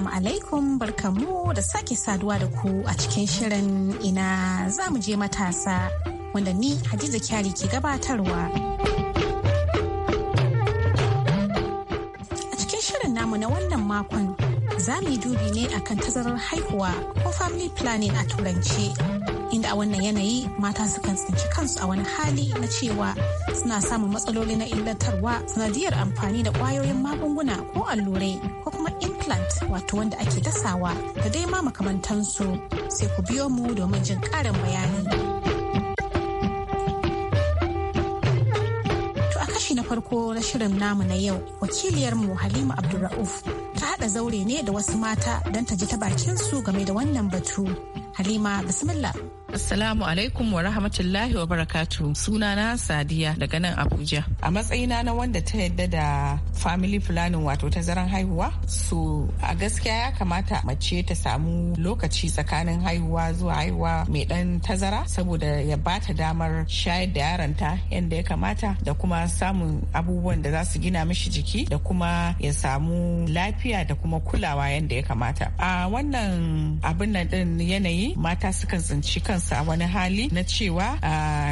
Assalamu alaikum barkamu da sake saduwa da ku a cikin shirin ina za mu je matasa wanda ni Hadiza Kyari ke gabatarwa. A cikin shirin namu na wannan makon za mu yi dubi ne akan tazarar haihuwa ko family planning a turance Inda a wannan yanayi mata sukan tsinci kansu a wani hali na cewa suna samun matsaloli na illatarwa sanadiyar amfani da kwayoyin magunguna ko allurai ko kuma plant wato wanda ake dasawa da dai ma makamantansu sai ku biyo mu domin jin ƙarin bayani. To a kashi na farko na shirin namu na yau wakiliyar mu Halima Abdulra'uf ta haɗa zaure ne da wasu mata don ta ji ta bakin su game da wannan batu. Halima bismillah. Assalamu alaikum wa rahmatullahi wa barakatu. Sunana Sadiya daga nan Abuja. A matsayina na wanda ta yadda da family planning wato tazaran haihuwa. So a gaskiya ya kamata mace ta samu lokaci tsakanin haihuwa zuwa haihuwa mai dan tazara saboda ya bata damar shayar da yaranta yadda ya kamata da kuma samun abubuwan da za su gina mishi jiki da kuma ya samu lafiya da kuma kulawa yadda ya kamata. A wannan abin nan din yanayi mata sukan tsinci kan kansa a wani hali na cewa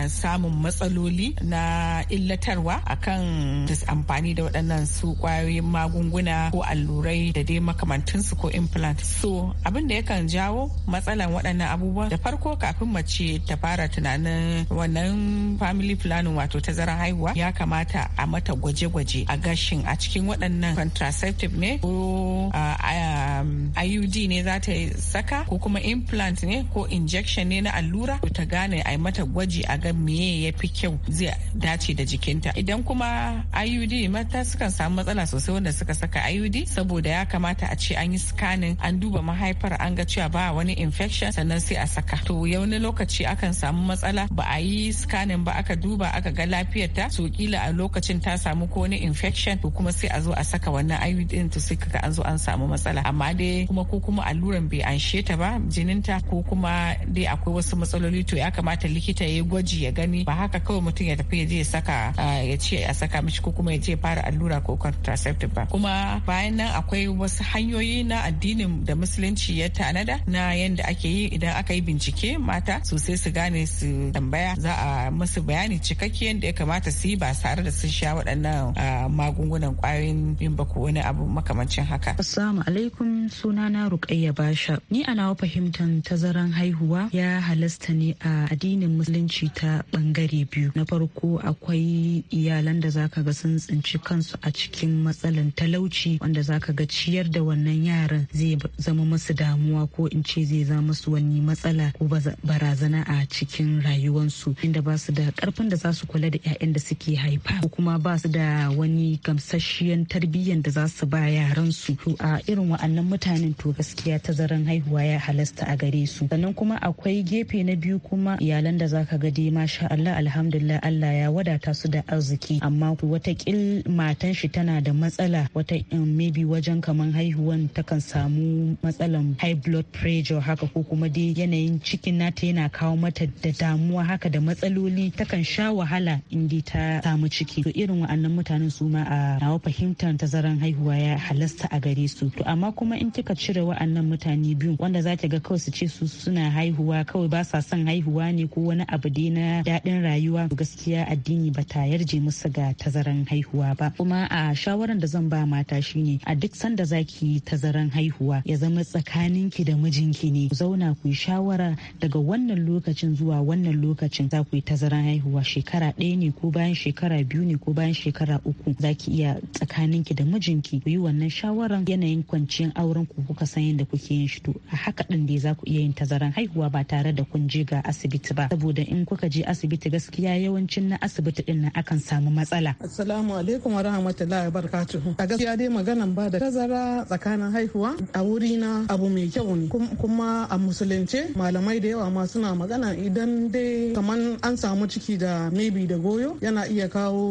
samun matsaloli na illatarwa a kan amfani da waɗannan su kwayoyin magunguna ko allurai da dai makamantansu ko implant so abin da yakan jawo matsalan waɗannan abubuwa da farko kafin mace ta fara tunanin wannan family planning wato ta tazarar haihuwa ya kamata a mata gwaje-gwaje a gashin a cikin waɗannan contraceptive ne ko um, iud ne za ta saka ko kuma implant ne ko injection ne na allura to ta gane a mata gwaji a ga meye ya fi kyau zai dace da jikinta idan kuma iud mata sukan samu matsala sosai wanda suka saka iud saboda ya kamata a ce an yi scanning an duba mahaifar an ga cewa ba wani infection sannan sai a saka to wani lokaci akan samu matsala ba a yi scanning ba aka duba aka ga lafiyar ta so kila a lokacin ta samu ko wani infection to kuma sai a zo a saka wannan iud din to sai kaga an zo an samu matsala amma dai kuma ko kuma alluran bai anshe ta ba jininta ko kuma dai akwai wasu wasu matsaloli to ya kamata likita ya yi gwaji ya gani ba haka kawai mutum ya tafi ya je saka ya ce a saka mishi ko kuma ya je fara allura ko contraceptive ba kuma bayan nan akwai wasu hanyoyi na addinin da musulunci ya tanada na yadda ake yi idan aka yi bincike mata sosai su gane su tambaya za a musu bayani cikakke yadda ya kamata su yi ba tare da sun sha waɗannan magungunan kwayoyin yin ko wani abu makamancin haka. Assalamu alaikum sunana Rukayya Basha ni ana fahimtar tazaran haihuwa ya halasta ne a addinin musulunci ta bangare biyu na farko akwai iyalan da zaka ga sun tsinci kansu a cikin matsalan talauci wanda zaka ga ciyar da wannan yaran zai zama musu damuwa ko in ce zai zama musu wani matsala ko barazana a cikin rayuwansu inda ba su da karfin da za su kula da 'ya'yan da suke haifa ko kuma ba su da wani gamsasshiyan tarbiyyan da za su ba yaran su to a irin wa'annan mutanen to gaskiya ta zaran haihuwa ya halasta a gare su sannan kuma akwai gefe gefe na biyu kuma iyalan da zaka ga dai masha Allah alhamdulillah Allah ya wadata su da arziki amma kil matan shi tana da matsala wata um, maybe wajen kaman haihuwan kan samu matsalan high blood pressure haka ko kuma dai yanayin cikin nata yana kawo mata da damuwa haka da matsaloli ta kan sha wahala in dai ta samu ciki to irin wa'annan mutanen su ma a nawa fahimtar tazaran haihuwa ya halasta a gare su to amma kuma in kika cire wa'annan mutane biyu wanda zaki ga kawai su ce su suna haihuwa kawai kawai ba sa son haihuwa ne ko wani abu dai na daɗin rayuwa gaskiya addini ba ta yarje musu ga tazaran haihuwa ba kuma a shawaran da zan ba mata shine a duk sanda zaki tazaran haihuwa ya zama tsakaninki da mijinki ne ku zauna ku yi shawara daga wannan lokacin zuwa wannan lokacin za ku yi tazaran haihuwa shekara ɗaya ne ko bayan shekara biyu ne ko bayan shekara uku za ki iya tsakaninki da mijinki ku yi wannan shawaran yanayin kwanciyar auren ku kuka san yadda kuke yin shi to a haka ɗin dai za ku iya yin tazaran haihuwa ba tare da da kun je ga asibiti ba saboda in kuka je asibiti gaskiya yawancin na asibiti din na akan samu matsala assalamu alaikum wa rahmatullahi wa barakatuhu a gaskiya dai maganan ba da tazara tsakanin haihuwa a wuri na abu mai kyau ne kuma a musulunce malamai da yawa ma suna magana idan dai kaman an samu ciki da maybe da goyo yana iya kawo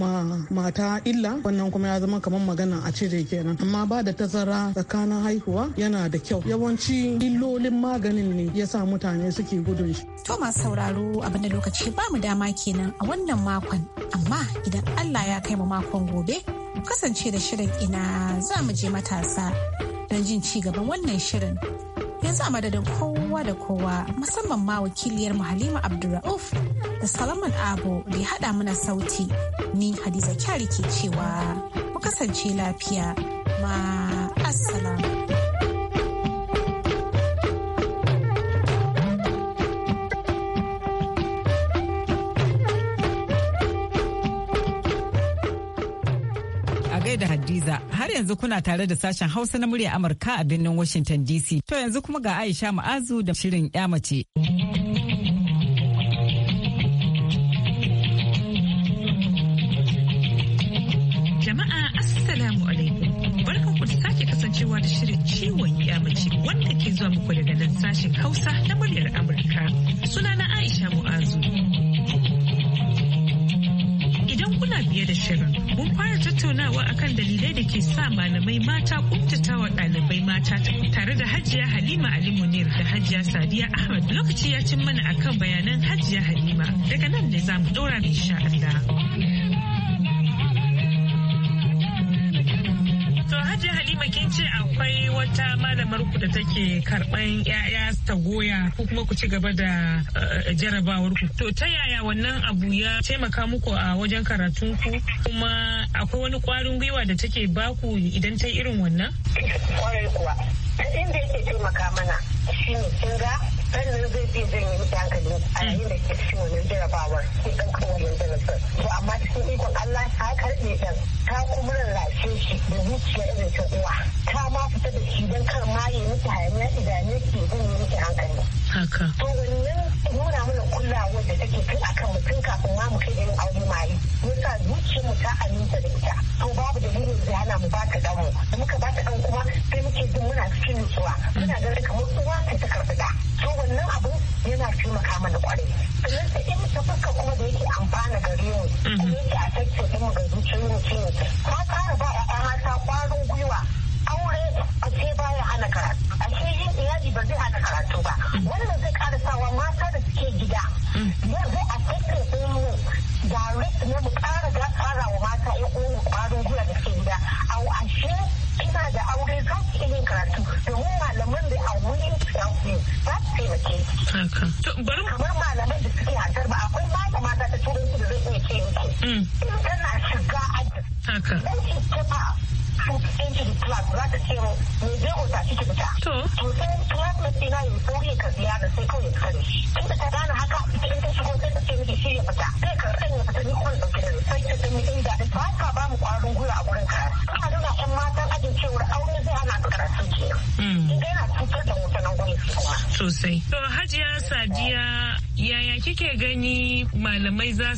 ma mata illa wannan kuma ya zama kaman magana a cire kenan amma ba da tazara tsakanin haihuwa yana da kyau yawanci illolin maganin ne ya sa mutane mutane suke gudun shi. To masu sauraro abinda lokaci ba mu dama kenan a wannan makon amma idan Allah ya kai mu makon gobe mu kasance da shirin ina za mu je matasa don jin ci gaban wannan shirin. Yanzu a madadin kowa da kowa musamman ma wakiliyar mu Halima Abdulrauf da Salaman Abo da ya haɗa mana sauti ni Hadiza Kyari ke cewa mu kasance lafiya ma assalamu. da Hadiza har yanzu kuna tare da sashen Hausa na murya Amurka a birnin Washington DC. To yanzu kuma ga Aisha Ma'azu da shirin yamace. Jama'a Assalamu alaikum. Barkan ku da sake kasancewa da shirin ciwon ya mace wanda ke zuwa muku daga nan sashen Hausa na muryar Amurka. Sunana Aisha Ma'azu. kuna biye da shirin. Mun fara tattaunawa akan dalilai da ke sa malamai mata wa ɗalibai mata tare da Hajiya Halima Ali Munir da Hajiya Sadiya Ahmad. Lokaci ya cin mana akan bayanan Hajiya Halima. Daga nan ne za mu ɗora insha Allah. akwai wata malamar ku da take karban yaya ta goya ko kuma ku ci gaba da eh, jarabawar ku to ta yaya wannan abu ya taimaka muku a wajen karatun ku kuma akwai wani kwarin gwiwa da take baku idan ta irin wannan kwarin kuwa inda yake taimaka mana shi kin ga sannan zai fi jin miki hankali a yayin da ke cikin wannan jarabawar ke ɗaukar wannan jarabawar to amma cikin ikon Allah ta karɓe ɗan ta kuma rarrashe shi da zuciya irin ta uwa ta ma fita da shi don kar ma ya miki hayaniya idane ke yi miki hankali haka to wannan nuna mana kulawa da take kai akan mutum kafin ma mu kai irin aure mai mun sa zuciyar mu ta aminta da ita to babu dalilin da hana mu ba ta dan mu muka ba ta dan kuma sai muke jin muna cikin nutsuwa muna ganin kamar uwa ce ta karɓi da to wannan abu yana taimaka mana kwarai sannan ta in ta fuska kuma da yake amfana gare mu kuma mhm. yake a tattaɓin mu ga zuciyar mu ce ta ƙara ba 'ya'ya mata ƙwarin gwiwa ashe baya karatu ashe yin iyali ba zai hana karatu ba wannan zai karasawa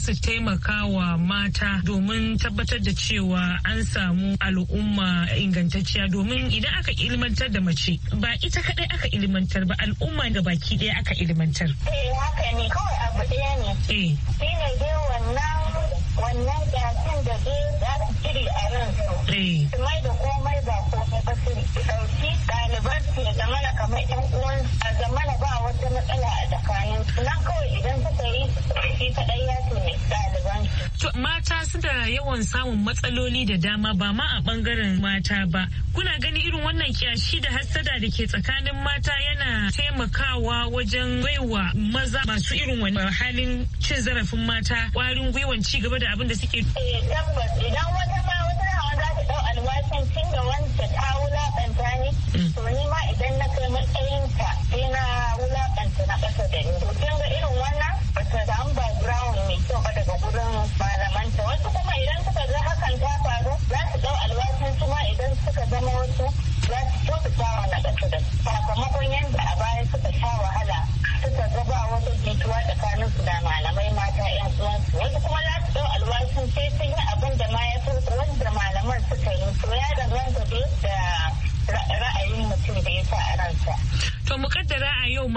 su taimaka wa mata domin tabbatar da cewa an samu al'umma ingantacciya domin idan aka ilmantar da mace ba ita kadai aka ilmantar ba al'umma da baki daya aka ilmantar. Eh haka ne kawai abu daya ne. Eh. Shi ne dai wannan wannan gasin da zai za su a ransu. Eh. Su mai da komai ba komai ba su ɗauki su ya zamana yan uwan a zamana ba wata matsala a tsakanin nan kawai idan suka yi shi kaɗai mata suna yawan samun matsaloli da dama ba ma a ɓangaren mata ba kuna gani irin wannan kyashi da hassada da ke tsakanin mata yana taimakawa wajen baiwa maza masu irin wani halin cin zarafin mata ƙwarin gwiwan ci gaba da abin da suke. Eh, tabbas idan wata nan da wanda ta wulaƙanta ne to ni ma idan na kai matsayin ta sai na wulaƙanta na ƙasa da ni Kun ga irin wannan ba ta samu background mai kyau ba daga gurin malamanta wasu kuma idan suka ga hakan ta faru za su ɗau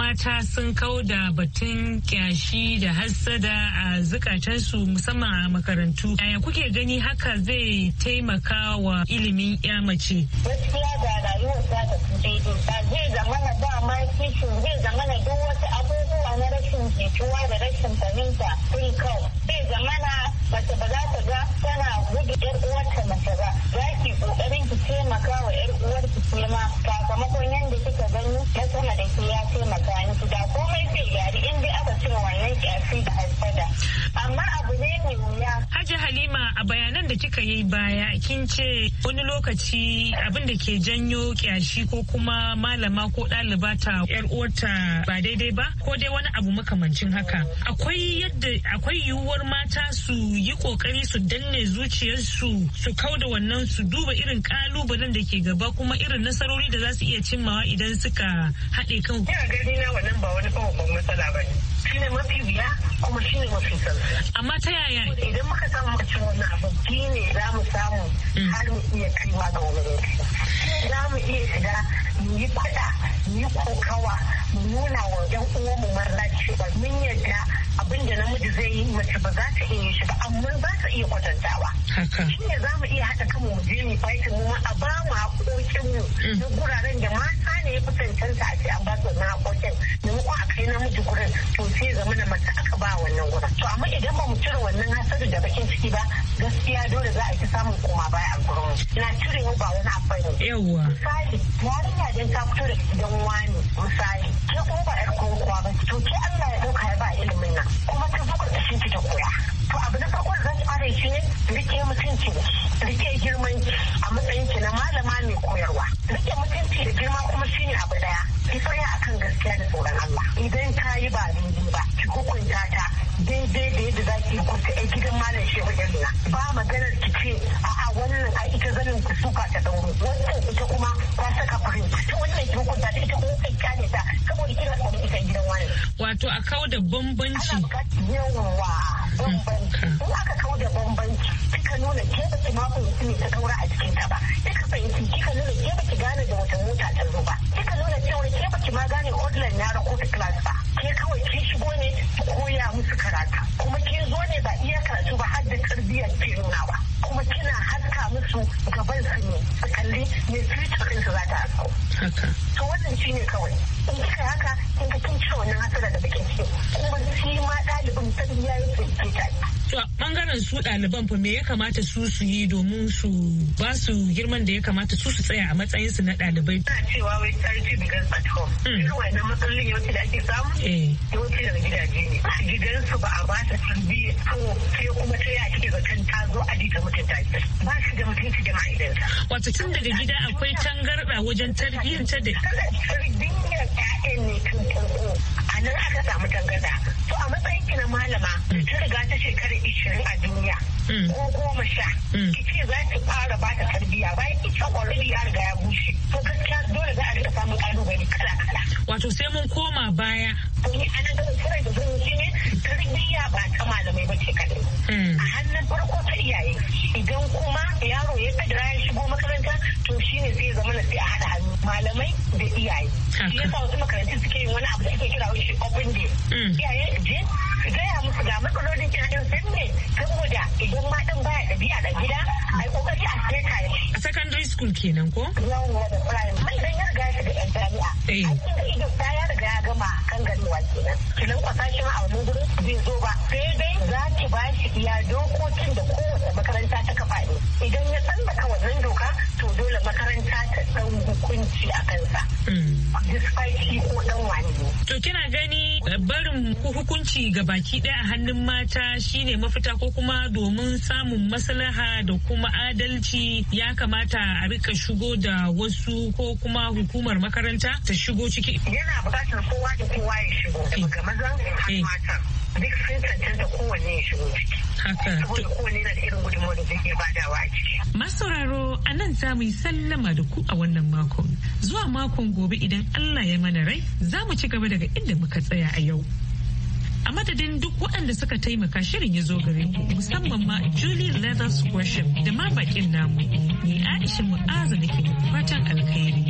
mata sun kau da batun kyashi da hassada a zukatansu musamman a makarantu. Yaya kuke gani haka zai taimaka wa ilimin ya mace? Gaskiya da rayuwar za Zai zamana ba ma zai duk abubuwa na rashin jituwa da rashin fahimta sun kau. Zai zamana mace ba za ta ga tana gudu 'yar uwarta mace ba. Za ki kokarin ki taimaka wa 'yar uwarki ke ma sakamakon yadda kika gani na sama da ke ya taimaka ni da komai zai gari in dai aka cire wannan kyafi da hasada amma abu ne mai Alhaji Halima a bayanan da kika yi baya kin ce wani lokaci abin da ke janyo kyashi ko kuma malama ko ɗaliba ta yar uwarta ba daidai ba ko dai wani abu makamancin haka. Akwai yadda akwai yiwuwar mata su yi kokari su danne zuciyarsu su kauda wannan su duba irin kalubalen da ke gaba kuma irin nasarori da za su iya cimmawa idan suka haɗe kan. Ina gani na wannan ba wani babban matsala ba ne. shine mafi biya kuma shine mafi sauki amma ta yaya idan muka samu muka ci abu abin ne za mu samu mm. har mu iya kaiwa ga wani lokaci za mu iya shiga mu yi faɗa mu yi kokawa mu nuna wa 'yan mu marar cewa mun yarda abin da namiji zai yi mace ba za ta iya shi ba amma ba ta iya kwatantawa shi ne za mu iya haɗa kanmu mu je mu faitin mu a ba mu haƙoƙin mu na mm. guraren da mata ne ya fi cancanta a ce an ba su wannan haƙoƙin maimakon a kai namiji gurin to sai zama na mace aka ba wannan gurin to amma idan ba mu cire wannan hasari da bakin ciki ba gaskiya dole za a yi samun koma baya a gurin na mu ba wani abu ne yawwa misali yarinya dan ta fito da gidan wani misali ke kuma ba yar kowa ba to ke Allah ya ɗauka ya ba ilimin na. kuma ta bakwai ƙashin ki ta koya to abu na farko da za ki fara shi ne rike mutunci rike girman a matsayin ki na malama mai koyarwa rike mutunci da girma kuma shine abu daya ki tsaya akan gaskiya da tsoron Allah idan ka yi ba daidai ba ki hukunta ta daidai da yadda za ki hukunta a gidan malam shehu ɗanna ba maganar ki ce a'a wannan a ita zanin ku suka ta dauro. wannan ita kuma ta saka fahimta ta wannan ki hukunta ta ita kuma kai ta saboda kina da kuɗin kai gidan wani. Wato a kau da bambanci. Ana Yawa bambanci. Hmm, In aka kau da bambanci kika nuna ke ba ki mako mutum ta kaura a cikin ta ba. Kika fahimci kika nuna ke ba gane da wata mota ta zo ba. Kika nuna cewa ke ba ki ma gane odlan na ko class ba. Ke kawai ki shigo ne koya musu karata. Kuma ke zo ne ba iya karatu ba har da tarbiyyar ke nunawa. Kuma kina haska musu gaban su ne su kalli me future ɗinsu za ta hasko. To wannan shi ne kawai. wannan su ɗaliban fa me ya kamata su su yi domin su ba su girman da ya kamata su su tsaya a matsayin su na ɗalibai. Ina cewa wai charity begins at home. Hmm. Irin wannan matsalolin yawanci da ake samu? Eh. Yawanci daga gidaje ne. A gidansu ba a ba ta biye ko sai kuma ta yaya kike kan ta zo aji ta mutunta ki. Ba shi da mutunci da ma'aikata. Wato tun daga gida akwai tangarɗa wajen ta da. Tarbiyyar ƴaƴan ne tun farko. A nan aka samu tangarɗa. To a matsayin ki na malama ta riga ta shekara ishirin a duniya mm. ko goma sha mm. ki ce za ta fara ba ta tarbiyya bayan ita already ya riga ya bushe to gaskiya dole za a riga samun kalubale kala kala wato sai mun koma baya to ni anan da da zan yi ne tarbiyya ba ta malamai ba ce kadai mm. a hannun farko ta iyaye idan kuma yaro ya kadara ya shigo makaranta to shine sai zama na sai a haɗa hannu malamai da iyaye shi yasa wasu makarantun suke yin wani abu da ake kira wani open day iyaye je ka gaya musu ga matsalolin irin sun ne saboda idan ma ɗan baya ɗabi'a da gida a yi kokari a seta ya a secondary school kenan ko yawwa da prime mai dan ya gaya shi da yan jami'a eh. aikin da ido ta ya riga ya gama kan ganuwa kenan kilan kwasa shi a wani gurin bai zo ba sai dai za ki ba shi iya dokokin da kowace makaranta ta kafa ne idan ya tsallaka wajen doka to dole makaranta ta ɗan hukunci a kansa hmm. despite shi ko ɗan wani to kina gani ko hukunci ga baki ɗaya a hannun mata shine mafita ko kuma domin samun maslaha da kuma adalci ya kamata a rika shigo da wasu ko kuma hukumar makaranta ta shigo ciki. Yana bukatar kowa da kowa ya shigo eh. daga mazan har mata eh. duk sun cancanta kowanne ya shigo ciki. Haka. da kowanne na da irin gudunmawar da zai iya badawa a ciki. Masauraro a nan za mu yi sallama da ku a wannan makon. Zuwa makon gobe idan Allah ya mana rai za mu ci gaba daga inda muka tsaya a yau. A madadin duk waɗanda suka taimaka shirin ya zo gare ku musamman ma Julie Leathers worship da ma bakin namu. Ni Aisha mu'aza da ke fatan alkhairi.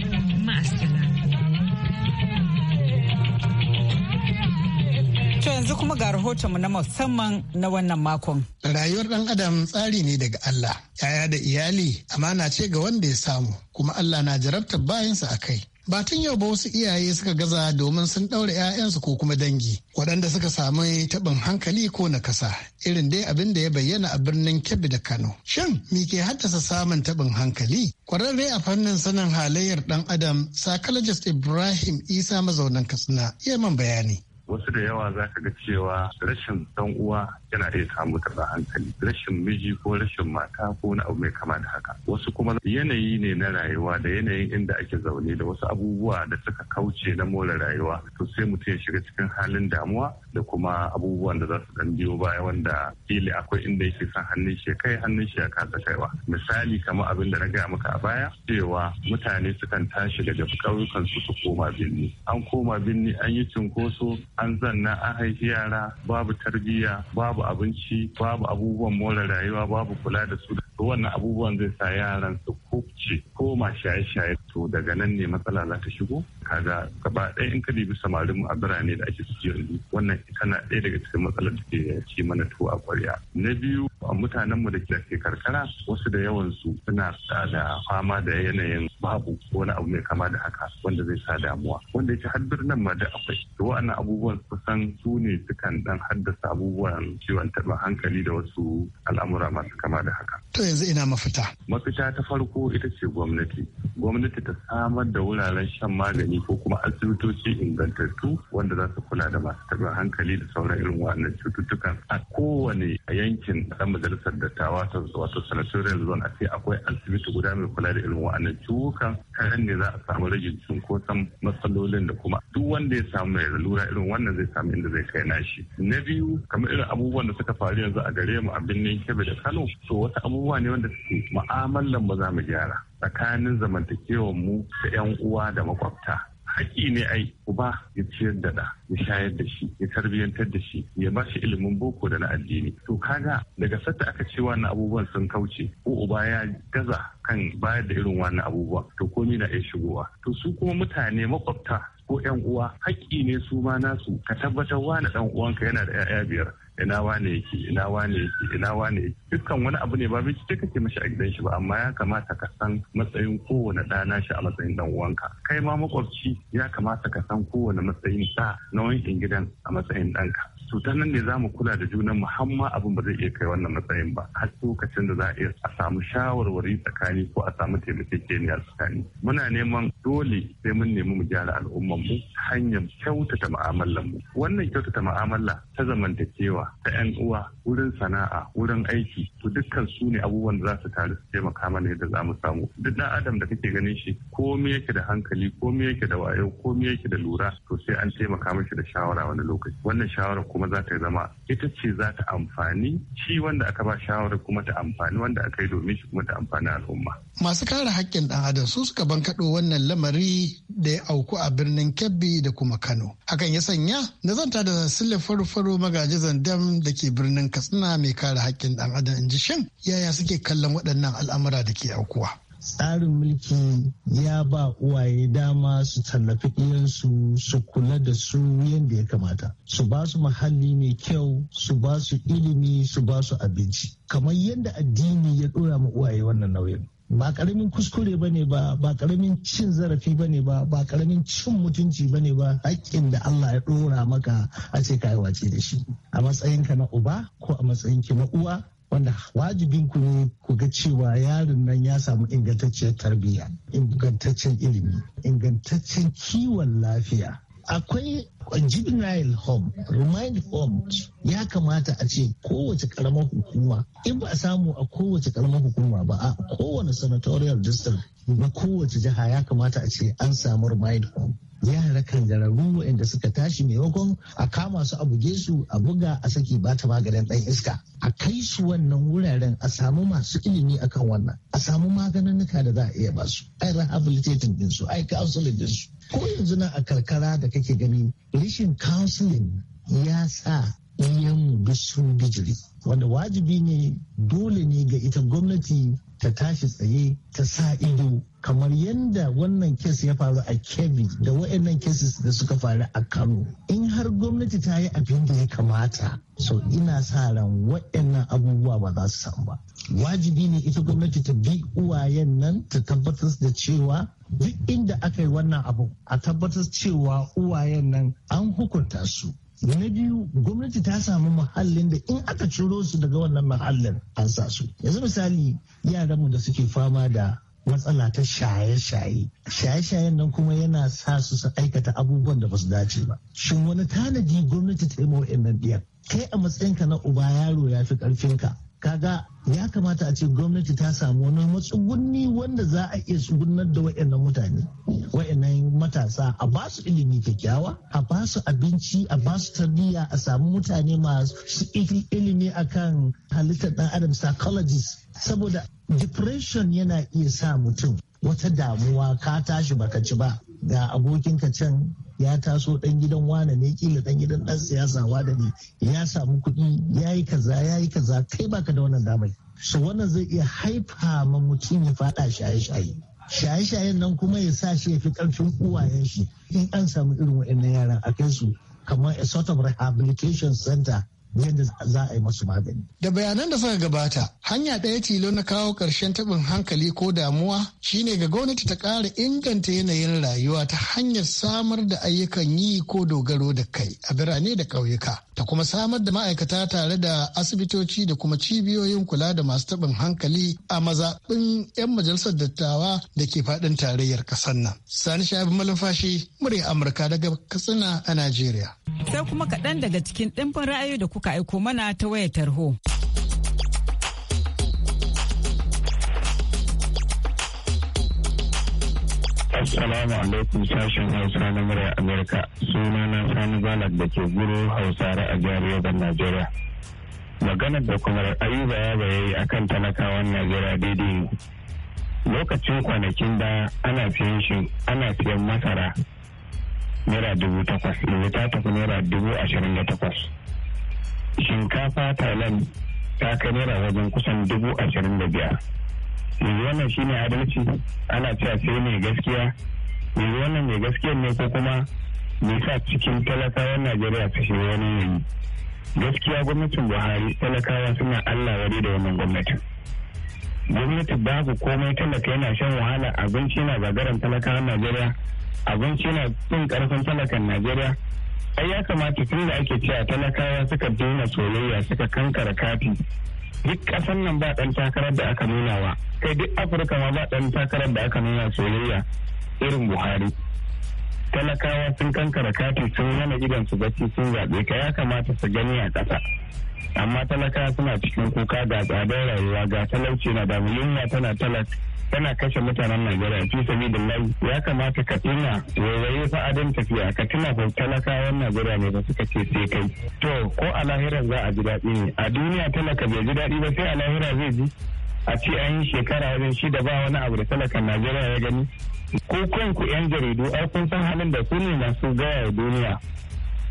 To yanzu kuma ga rahotonmu na musamman na wannan makon. Rayuwar ɗan adam tsari ne daga Allah, yaya da iyali amana ce ga wanda ya samu, kuma Allah na jarabtar bayansa a kai. Ba tun yau ba wasu iyaye suka gaza domin sun ɗaura 'ya'yansu ko kuma dangi waɗanda suka samu taɓin hankali ko nakasa irin dai abin da ya bayyana a birnin Kebbi da Kano. Shin me ke haddasa samun taɓin hankali? Ƙwararre a fannin sanin halayyar ɗan Adam, Psychologist Ibrahim Isa mazaunan Katsina, yamin man bayani. wasu da yawa za ka ga cewa rashin dan uwa yana iya samu taɓa hankali rashin miji ko rashin mata ko na abu mai kama da haka wasu kuma yanayi ne na rayuwa da yanayin inda ake zaune da wasu abubuwa da suka kauce na more rayuwa to sai mutum ya shiga cikin halin damuwa da kuma abubuwan da za su dan biyo baya wanda fili akwai inda yake son hannun shi kai hannun shi ya kasa kaiwa misali kamar abin da na gaya maka a baya cewa mutane sukan tashi daga ƙauyukan su su koma birni an koma birni an yi cinkoso an zanna an haifi yara babu tarbiyya babu abinci babu abubuwan more rayuwa babu kula da su wannan abubuwan zai sa yaran su kubce ma shaye-shaye to daga nan ne matsala za ta shigo kaga gaba ɗaya in ka dibi samarin a birane da ake suke yanzu wannan tana ɗaya daga cikin matsalar da ke ci mana tuwo a ƙwarya na biyu a mutanen mu da ke karkara wasu da yawan su suna da fama da yanayin babu ko wani abu mai kama da haka wanda zai sa damuwa wanda yake har birnin ma da akwai to wa'annan abubuwan kusan su ne sukan dan haddasa abubuwan ciwon taɓa hankali da wasu al'amura masu kama da haka to yanzu ina mafita mafita ta farko ita ce gwamnati gwamnati ta samar da wuraren shan magani magani ko kuma asibitoci ingantattu wanda za su kula da masu taɓin hankali da sauran irin wannan cututtukan a kowane yankin ɗan majalisar dattawa ta wato sanatorial zone a sai akwai asibiti guda mai kula da irin wa'annan ciwukan kayan ne za a samu rage cunkoson matsalolin da kuma duk wanda ya samu mai lura irin wannan zai samu inda zai kai nashi na biyu kamar irin abubuwan da suka faru yanzu a gare mu a birnin kebe da kano to wata abubuwa ne wanda suke ma'amalan ba za mu gyara tsakanin zamantakewar mu da 'yan uwa da makwabta haƙƙi ne ai uba ya ciyar da ɗa ya shayar da shi ya tarbiyyantar da shi ya ba shi ilimin boko da na addini to kaga daga sata aka ce wannan abubuwan sun kauce ko uba ya gaza kan bayar da irin wannan abubuwa to komi na iya shigowa to su kuma mutane makwabta ko yan uwa haƙƙi ne su ma nasu ka tabbatar wani dan uwanka yana da 'ya'ya biyar ina wane yake ina wane yake ina wane yake dukkan wani abu ne ba bai kake mashi a gidan shi ba amma ya kamata ka san matsayin kowane na shi a matsayin dan uwanka kai ma makwabci ya kamata ka san kowane matsayin sa na wankin gidan a matsayin ɗanka to ta nan ne za mu kula da junan mu hamma abin ba zai iya kai wannan matsayin ba har lokacin da za a iya a samu shawarwari tsakani ko a samu taimakekeniya tsakani muna neman dole sai mun nemi mu gyara al'umman mu hanyar kyautata mu'amalan mu wannan kyautata mu'amala ta zamantakewa ta yan uwa wurin sana'a wurin aiki to dukkan su ne abubuwan da za su taru su taimaka mana yadda za mu samu duk dan adam da kake ganin shi komai yake da hankali komai yake da wayo komai yake da lura to sai an taimaka mashi da shawara wani lokaci wannan shawara kuma kuma za ta zama ita ce za ta amfani shi wanda aka ba shawarar kuma ta amfani wanda aka yi domin shi kuma ta amfani al'umma. Masu kare haƙƙin ɗan adam su suka bankaɗo wannan lamari da ya auku a birnin Kebbi da kuma Kano. Hakan ya sanya na zanta da sille Farfaro magaji zandam da ke birnin Katsina mai kare haƙƙin ɗan adam in ji shin yaya suke kallon waɗannan al'amura da ke aukuwa. tsarin mulki ya ba uwaye dama su tallafi iyansu su kula da su yadda ya kamata su ba su muhalli mai kyau su ba su ilimi su ba su abinci kamar yadda addini ya ɗora ma uwaye wannan nauyin ba karamin kuskure ba ne ba ba karamin cin zarafi ba ne ba ba karamin cin mutunci ba ne ba haƙƙin da Allah ya ɗora maka a ce ka yi wace da shi a matsayinka na uba ko a matsayinki na uwa wanda wajibin ku ne ku ga cewa yaron nan ya samu ingantacciyar tarbiyya ingantaccen ilimi ingantaccen kiwon lafiya akwai juvenile home remind home ya kamata a ce kowace karamar hukuma in ba a samu a kowace karamar hukuma ba a kowane senatorial district na kowace jiha ya kamata a ce an samu remind home yara kan gararru waɗanda suka tashi maimakon a kama su a buge su a buga a saki ba ta maganin ɗan iska a kai su wannan wuraren a samu masu ilimi akan wannan a samu maganinnika da za a iya basu ai rehabilitating din su ai counseling din su ko yanzu na a karkara da kake gani rishin counseling ya sa mu duk sun bijiri wanda wajibi ne dole ne ga ita gwamnati ta tashi tsaye ta sa ido kamar yadda wannan kes ya faru a kebbi da waɗannan cases da suka faru a kano in har gwamnati ta yi abin da ya kamata so ina sa ran waɗannan abubuwa ba za su samu ba wajibi ne ita gwamnati ta bi uwayen nan ta tabbatar da cewa duk inda aka yi wannan abu a tabbatar cewa uwayen nan an hukunta su na biyu gwamnati ta samu muhallin da in aka ciro su daga wannan muhallin an sa su yanzu misali yaranmu da suke fama da matsala ta shaye-shaye shaye-shayen nan kuma yana sa su su aikata abubuwan da ba su dace ba shin wani tanadi gwamnati ta yi mawa'in nan biyar kai a matsayinka na uba yaro ya fi karfinka kaga ya kamata a ce gwamnati ta samu wani matsugunni wanda za a iya tsugunar da wayannan mutane wayannan matasa a ba su ilimi kyakkyawa a ba su abinci a ba su tarbiyya a samu mutane masu ilimi akan halittar dan adam psychologist saboda depression yana iya sa mutum wata damuwa ka tashi baka ci ba ga abokinka can ya taso dan gidan wane ne kila dan gidan dan siyasa wane ne ya samu kuɗi ya yi kaza ya yi kaza kai baka da wannan damar so wannan zai iya haifa ma mutum ya faɗa shaye-shaye shaye-shayen nan kuma ya sa shi ya fi ƙarfin uwayen shi in an samu irin wa'annan yaran a kai su kamar a sort of rehabilitation center yadda za a yi masu magani. Da bayanan da suka gabata, hanya ɗaya tilo na kawo ƙarshen taɓin hankali ko damuwa shine ga gwamnati ta ƙara inganta yanayin rayuwa ta hanyar samar da ayyukan yi ko dogaro da kai a birane da ƙauyuka. Ta kuma samar da ma'aikata tare da asibitoci da kuma cibiyoyin kula da masu taɓin hankali a mazaɓin 'yan majalisar dattawa da ke faɗin tarayyar ƙasar nan. Sani Shabi Malumfashi, murya Amurka daga Katsina a Najeriya. Sai kuma kaɗan daga cikin ɗimbin ra'ayoyi da kuka kuka aiko mana ta wayar tarho. Assalamu alaikum sashen Hausa na murya Amerika. Suna na Sani Balak da ke guru Hausare a jihar Yoban Najeriya. Maganar da kuma baya-baya ya a akan talakawan Najeriya daidai Lokacin kwanakin da ana siyan shi ana siyan masara naira dubu takwas ta tafi naira dubu ashirin da takwas. shinkafa thailand ta kai naira wajen kusan dubu ashirin da biyar yanzu wannan shine adalci ana cewa sai mai gaskiya yanzu wannan mai gaskiya ne ko kuma me sa cikin talakawan najeriya ta shiga wani yayi gaskiya gwamnatin buhari talakawa suna allah wari da wannan gwamnatin gwamnati babu komai talaka yana shan wahala abinci na gagaran talakawan najeriya abinci na cin karfin talakan najeriya ai ya kamata tun da ake cewa talakawa suka daina soyayya suka kankara kati duk kasan nan ba dan takarar da aka nuna wa kai duk afirka ma ba dan takarar da aka nuna soyayya irin buhari talakawa sun kankara kati sun hana idan su bacci sun zaɓe ka ya kamata su gani a ƙasa amma talakawa suna cikin kuka ga tsadar rayuwa ga talauci na da yunwa tana talaka kana kashe mutanen Najeriya fi lai ya kamata ka tuna wayoyi fa tafiya ka tuna ko talakawan Najeriya ne ba suka ce sai kai to ko a lahira za a ji daɗi ne a duniya talaka bai ji daɗi ba sai a lahira zai ji a ce an yi shekara wajen shi da ba wani abu da talakan Najeriya ya gani ku kanku yan jaridu ai kun san halin da su ne masu gaya duniya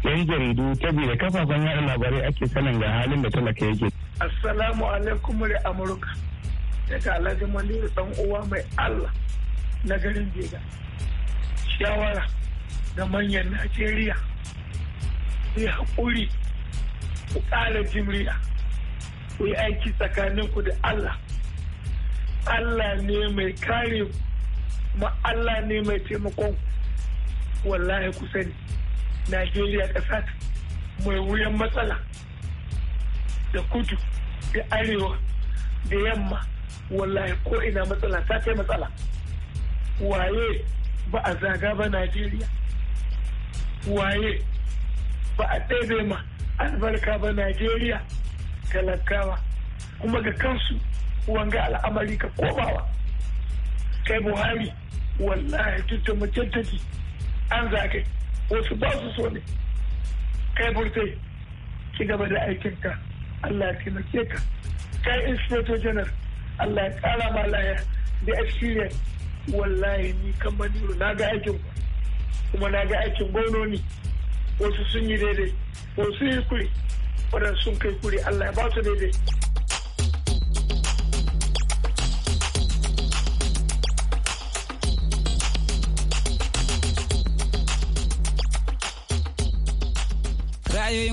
yan jaridu ta bi da kafafen yada labarai ake sanin ga halin da talaka yake assalamu alaikum da amurka sai ga alhaji da dan uwa mai allah na garin jega shawara da manyan najeriya ku yi haƙuri ku ƙara jimriya ku yi aiki tsakanin ku da allah allah ne mai kare kuma allah ne mai taimakon wallahi ku sani najeriya ƙasa mai wuyan matsala da kudu da arewa da yamma wallahi ko ina matsala ta ce matsala waye ba a zaga ba najeriya waye ba a ɗebe ma albarka ba najeriya talakawa kuma ga kansu wanga al'amari ka komawa kai buhari wallahi duk da an zagai wasu ba su so ne kai burtai ki gaba da aikinka Allah ya taimake ka kai inspector general Allah ya kara ma laya da experience wallahi ni kan maniru na ga aikin kuma na ga aikin gwamnoni wasu sun yi daidai wasu yi kuri waɗansu sun kai kuri Allah ya ba su daidai